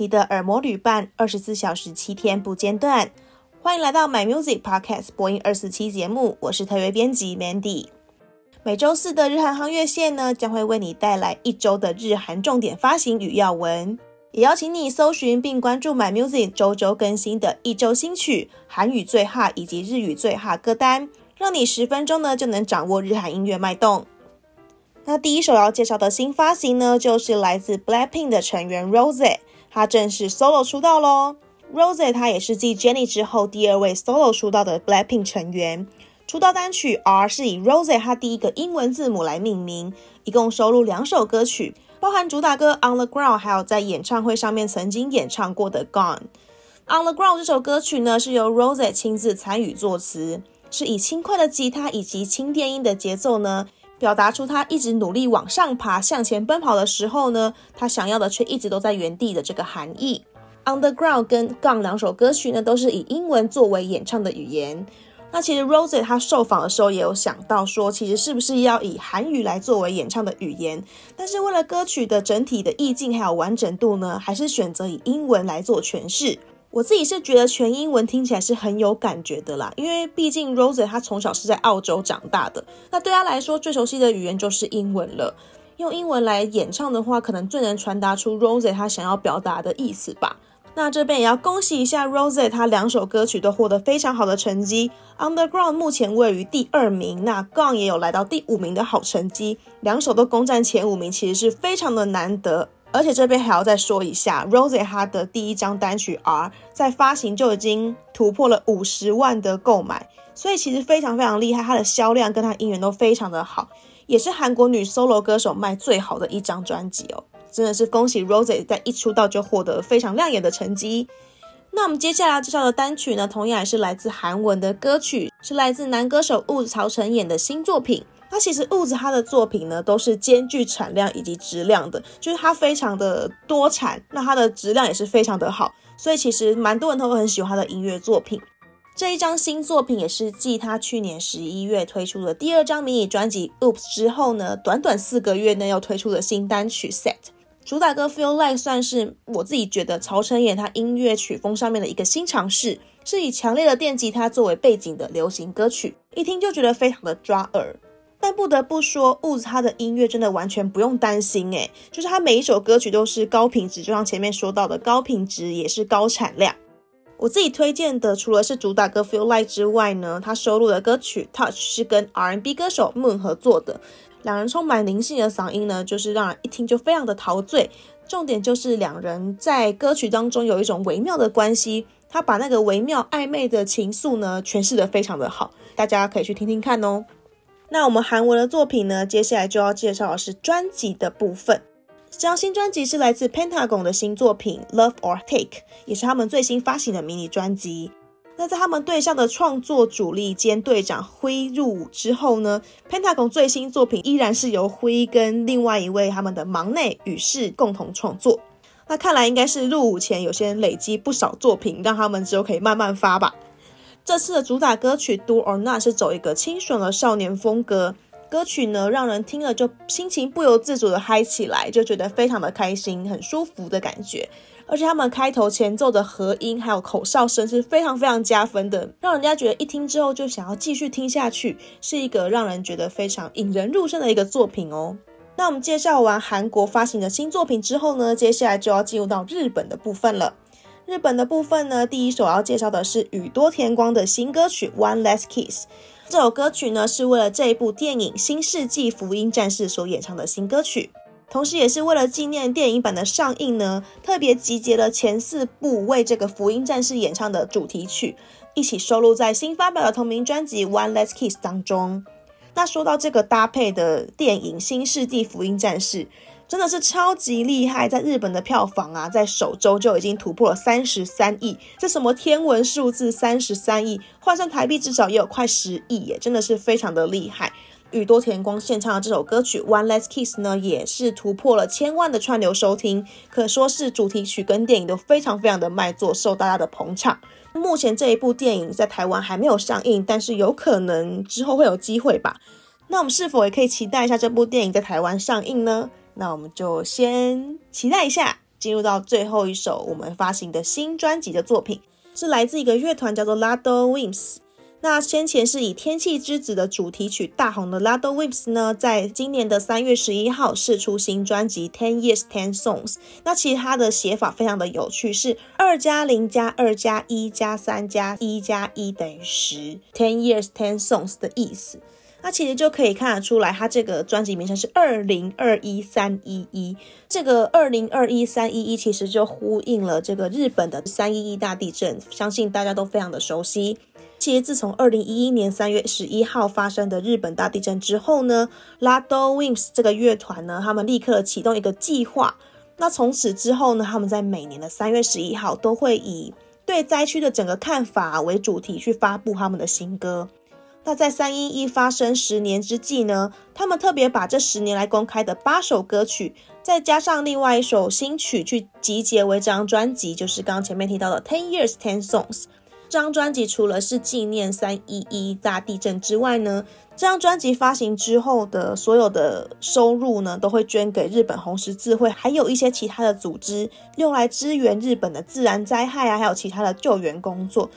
你的耳膜旅伴，二十四小時七天不間斷。歡迎來到 My Music Podcast 播音二四七節目，我是特約編輯 Mandy。每週四的日韓夯樂線呢，將會為你帶來一周的日韓重點發行與要聞。也邀請你搜尋並關注 My Music 周周更新的一周新曲，韓語最 hot 以及日語最 hot 歌單，讓你十分鐘呢就能掌握日韓音樂脈動。那第一首要介紹的新發行呢，就是來自 Blackpink 的成員 Rosé 他正式 solo 出道嘍 Rosé 她也是繼 Jennie 之後第二位 solo 出道的 BLACKPINK 成員。出道單曲 R 是以 Rosé 她第一個英文字母來命名，一共收錄兩首歌曲，包含主打歌《On the Ground》，還有在演唱會上面曾經演唱過的《Gone》。《On the Ground》這首歌曲呢是由 Rosé 親自參與作詞，是以輕快的吉他以及輕電音的節奏呢。表達出他一直努力往上爬、向前奔跑的時候呢，他想要的卻一直都在原地的這個含義。On The Ground 跟 Gone 兩首歌曲呢，都是以英文作為演唱的語言。那其實 Rosé 他受訪的時候也有想到說，其實是不是要以韓語來作為演唱的語言？但是為了歌曲的整體的意境還有完整度呢，還是選擇以英文來做詮釋。我自己是覺得全英文聽起來是很有感覺的啦，因為畢竟 Rosé 她從小是在澳洲長大的，那對她來說最熟悉的語言就是英文了。用英文來演唱的話，可能最能傳達出 Rosé 她想要表達的意思吧。那這邊也要恭喜一下 Rosé 她兩首歌曲都獲得非常好的成績。On The Ground 目前位於第二名，那 Gone 也有來到第五名的好成績，兩首都攻佔前五名，其實是非常的難得。而且這邊還要再說一下，Rosé 她的第一張單曲《R》在發行就已經突破了五十萬的購買，所以其實非常非常厲害，它的銷量跟它音源都非常的好，也是韓國女 solo 歌手賣最好的一張專輯哦，真的是恭喜 Rosé 在一出道就獲得非常亮眼的成績。那我們接下來要介紹的單曲呢，同樣也是來自韓文的歌曲，是來自男歌手 WOODZ 曹承衍的新作品。他其實 WOODZ 他的作品呢，都是兼具產量以及質量的，就是他非常的多產，那他的質量也是非常的好，所以其實蠻多人都很喜歡他的音樂作品。這一張新作品也是繼他去年十一月推出的第二張迷你專輯 WOOPS 之後呢，短短四個月內又推出的新單曲 Set。主打歌 Feel Like 算是我自己覺得曹承衍他音樂曲風上面的一個新嘗試，是以強烈的電吉他作為背景的流行歌曲，一聽就覺得非常的抓耳。但不得不說 WOODZ 他的音樂真的完全不用擔心誒、欸、就是他每一首歌曲都是高品質，就像前面說到的高品質也是高產量。我自己推薦的除了是主打歌《Feel Like》之外呢，他收錄的歌曲《Touch》是跟 R&B 歌手 Moon 合作的，兩人充滿靈性的嗓音呢，就是讓人一聽就非常的陶醉。重點就是兩人在歌曲當中有一種微妙的關係，他把那個微妙曖昧的情愫呢詮釋得非常的好，大家可以去聽聽看哦。那我們韓文的作品呢？接下來就要介紹的是專輯的部分。這張新專輯是來自 Pentagon 的新作品《Love or Take》，也是他們最新發行的迷你專輯。那在他們隊上的創作主力兼隊長輝入伍之後呢，Pentagon 最新作品依然是由輝跟另外一位他們的忙內宇碩共同創作。那看來應該是入伍前有些人累積不少作品，讓他們之後可以慢慢發吧。這次的主打歌曲 Do or Not 是走一個清爽的少年風格，歌曲呢，讓人聽了就心情不由自主的嗨起來，就覺得非常的開心，很舒服的感覺。而且他們開頭前奏的和音還有口哨聲是非常非常加分的，讓人家覺得一聽之後就想要繼續聽下去，是一個讓人覺得非常引人入勝的一個作品哦。那我們介紹完韓國發行的新作品之後呢，接下來就要進入到日本的部分了。日本的部分呢，第一首要介紹的是宇多田光的新歌曲《One Last Kiss》。這首歌曲呢，是為了這一部電影《新世紀福音戰士》所演唱的新歌曲，同時也是為了紀念電影版的上映呢，特別集結了前四部為這個福音戰士演唱的主題曲，一起收錄在新發表的同名專輯《One Last Kiss》當中。那說到這個搭配的電影《新世紀福音戰士》。真的是超級厲害，在日本的票房啊，在首周就已經突破了三十三億，這什麼天文數字33億？三十三億換算台幣至少也有快十億耶，真的是非常的厲害。宇多田光獻唱的這首歌曲《One Last Kiss》呢，也是突破了千萬的串流收聽，可說是主題曲跟電影都非常非常的賣座，受大家的捧場。目前這一部電影在台灣還沒有上映，但是有可能之後會有機會吧？那我們是否也可以期待一下這部電影在台灣上映呢？那我們就先期待一下，進入到最後一首我們發行的新專輯的作品，是來自一個樂團叫做 RADWIMPS。那先前是以《天氣之子》的主題曲大紅的 RADWIMPS 呢，在今年的三月十一號釋出新專輯 Ten Years Ten Songs。那其實它的寫法非常的有趣，是二加零加二加一加三加一加一等於十，Ten Years Ten Songs 的意思。那其實就可以看得出來，它這個專輯名稱是二零二一三一一。這個二零二一三一一其實就呼應了這個日本的三一一大地震，相信大家都非常的熟悉。其實自從二零一一年三月十一號發生的日本大地震之後呢，RADWIMPS 這個樂團呢，他們立刻啟動一個計劃。那從此之後呢，他們在每年的三月十一號都會以對災區的整個看法為主題去發布他們的新歌。他在三一一發生十年之際呢，他們特別把這十年來公開的八首歌曲，再加上另外一首新曲，去集結為這張專輯，就是剛剛前面提到的 Ten Years Ten Songs。這張專輯除了是紀念三一一大地震之外呢，這張專輯發行之後的所有的收入呢，都會捐給日本紅十字會，還有一些其他的組織，用來支援日本的自然災害啊，還有其他的救援工作。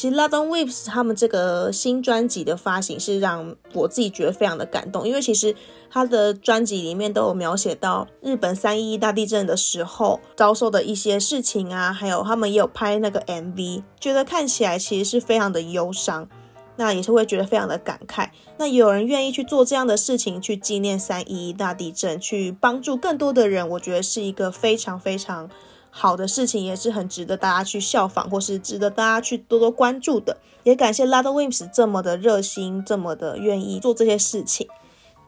其實 RADWIMPS 他們這個新專輯的發行是讓我自己覺得非常的感動，因為其實他的專輯裡面都有描寫到日本三一一大地震的時候遭受的一些事情啊，還有他們也有拍那個 MV，覺得看起來其實是非常的憂傷，那也是會覺得非常的感慨。那有人願意去做這樣的事情，去紀念三一一大地震，去幫助更多的人，我覺得是一個非常非常好的事情也是很值得大家去效仿，或是值得大家去多多關注的。也感謝拉德 d d w i m s 這麼的熱心，這麼的願意做這些事情。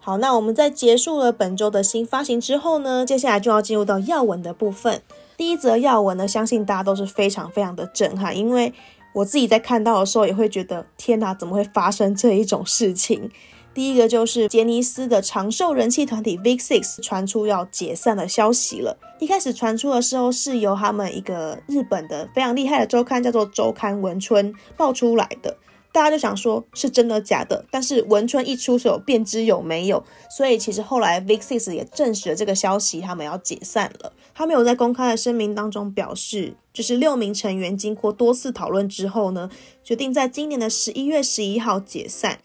好，那我們在結束了本周的新發行之後呢，接下來就要進入到要聞的部分。第一則要聞呢，相信大家都是非常非常的震撼，因為我自己在看到的時候也會覺得，天哪、啊，怎麼會發生這一種事情？第一個就是傑尼斯的長壽人氣團體 V6 傳出要解散的消息了。一開始傳出的時候是由他們一個日本的非常厲害的週刊叫做《週刊文春》爆出來的，大家就想說是真的假的。但是文春一出手便知有沒有，所以其實後來 V6 也證實了這個消息，他們要解散了。他們有在公開的聲明當中表示，就是六名成員經過多次討論之後呢，決定在今年的十一月十一號解散。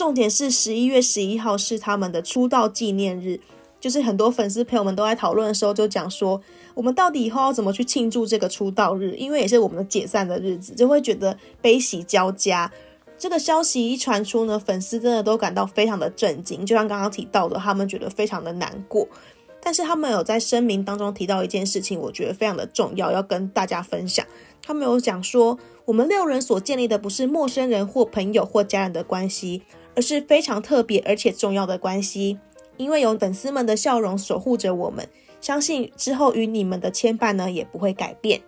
重點是十一月十一號是他們的出道紀念日，就是很多粉絲朋友們都在討論的時候，就講說，我們到底以後要怎麼去慶祝這個出道日，因為也是我們的解散的日子，就會覺得悲喜交加。這個消息一傳出呢，粉絲真的都感到非常的震驚，就像剛剛提到的，他們覺得非常的難過。但是他們有在聲明當中提到一件事情，我覺得非常的重要，要跟大家分享。他們有講說，我們六人所建立的不是陌生人或朋友或家人的關係。而是非常特別而且重要的關係，因為有粉絲們的笑容守護着我們，相信之後與你們的牽絆呢也不會改變。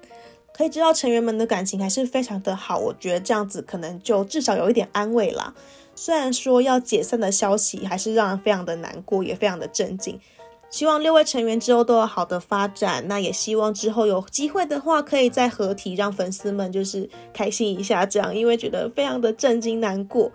可以知道成員們的感情還是非常的好，我覺得這樣子可能就至少有一點安慰啦。雖然說要解散的消息還是讓人非常的難過，也非常的震驚。希望六位成員之後都有好的發展，那也希望之後有機會的話可以再合體，讓粉絲們就是開心一下，這樣，因為覺得非常的震驚難過。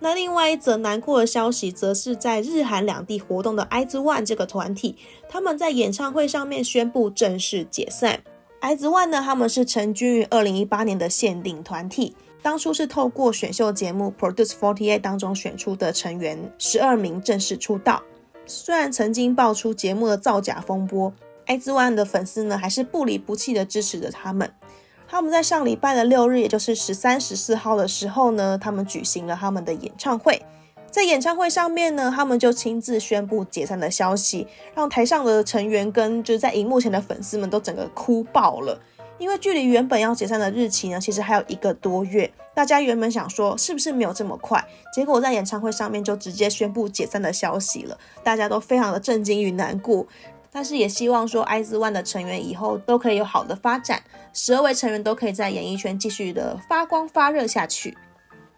那另外一則難過的消息，則是在日韓兩地活動的 IZ*ONE 這個團體，他們在演唱會上面宣布正式解散。IZ*ONE 呢，他們是成軍於二零一八年的限定團體，當初是透過選秀節目 Produce 48當中選出的成員十二名正式出道。雖然曾經爆出節目的造假風波，IZ*ONE 的粉絲呢還是不離不棄的支持着他們。他們在上禮拜的六日，也就是十三、十四號的時候呢，他們舉行了他們的演唱會。在演唱會上面呢，他們就親自宣布解散的消息，讓台上的成員跟就是在熒幕前的粉絲們都整個哭爆了。因為距離原本要解散的日期呢，其實還有一個多月，大家原本想說是不是沒有這麼快，結果在演唱會上面就直接宣布解散的消息了，大家都非常的震驚與難過。但是也希望說，IZ*ONE 的成員以後都可以有好的發展，十二位成員都可以在演藝圈繼續的發光發熱下去。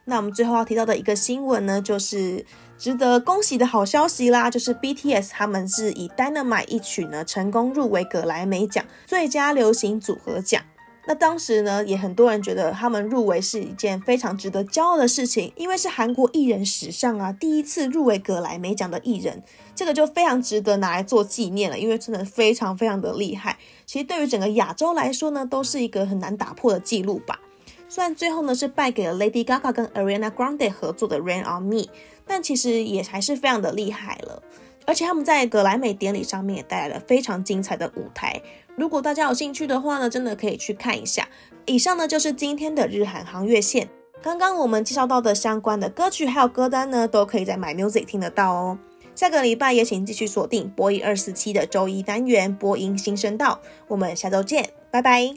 那我們最後要提到的一個新聞呢，就是值得恭喜的好消息啦，就是 BTS 他們是以《Dynamite》一曲呢，成功入圍格萊美獎最佳流行組合獎。那當時呢，也很多人覺得他們入圍是一件非常值得驕傲的事情，因為是韓國藝人史上啊第一次入圍格萊美獎的藝人，這個就非常值得拿來做紀念了，因為真的非常非常的厲害。其實對於整個亞洲來說呢，都是一個很難打破的記錄吧。雖然最後呢是敗給了 Lady Gaga 跟 Ariana Grande 合作的《Rain on Me》，但其實也還是非常的厲害了，而且他們在格萊美典禮上面也帶來了非常精彩的舞台。如果大家有興趣的話呢，真的可以去看一下。以上呢就是今天的日韓夯樂線。剛剛我們介紹到的相關的歌曲還有歌單呢，都可以在 MyMusic 聽得到哦。下個禮拜也請繼續鎖定播音二四七的周一單元播音新聲道。我們下周見，拜拜。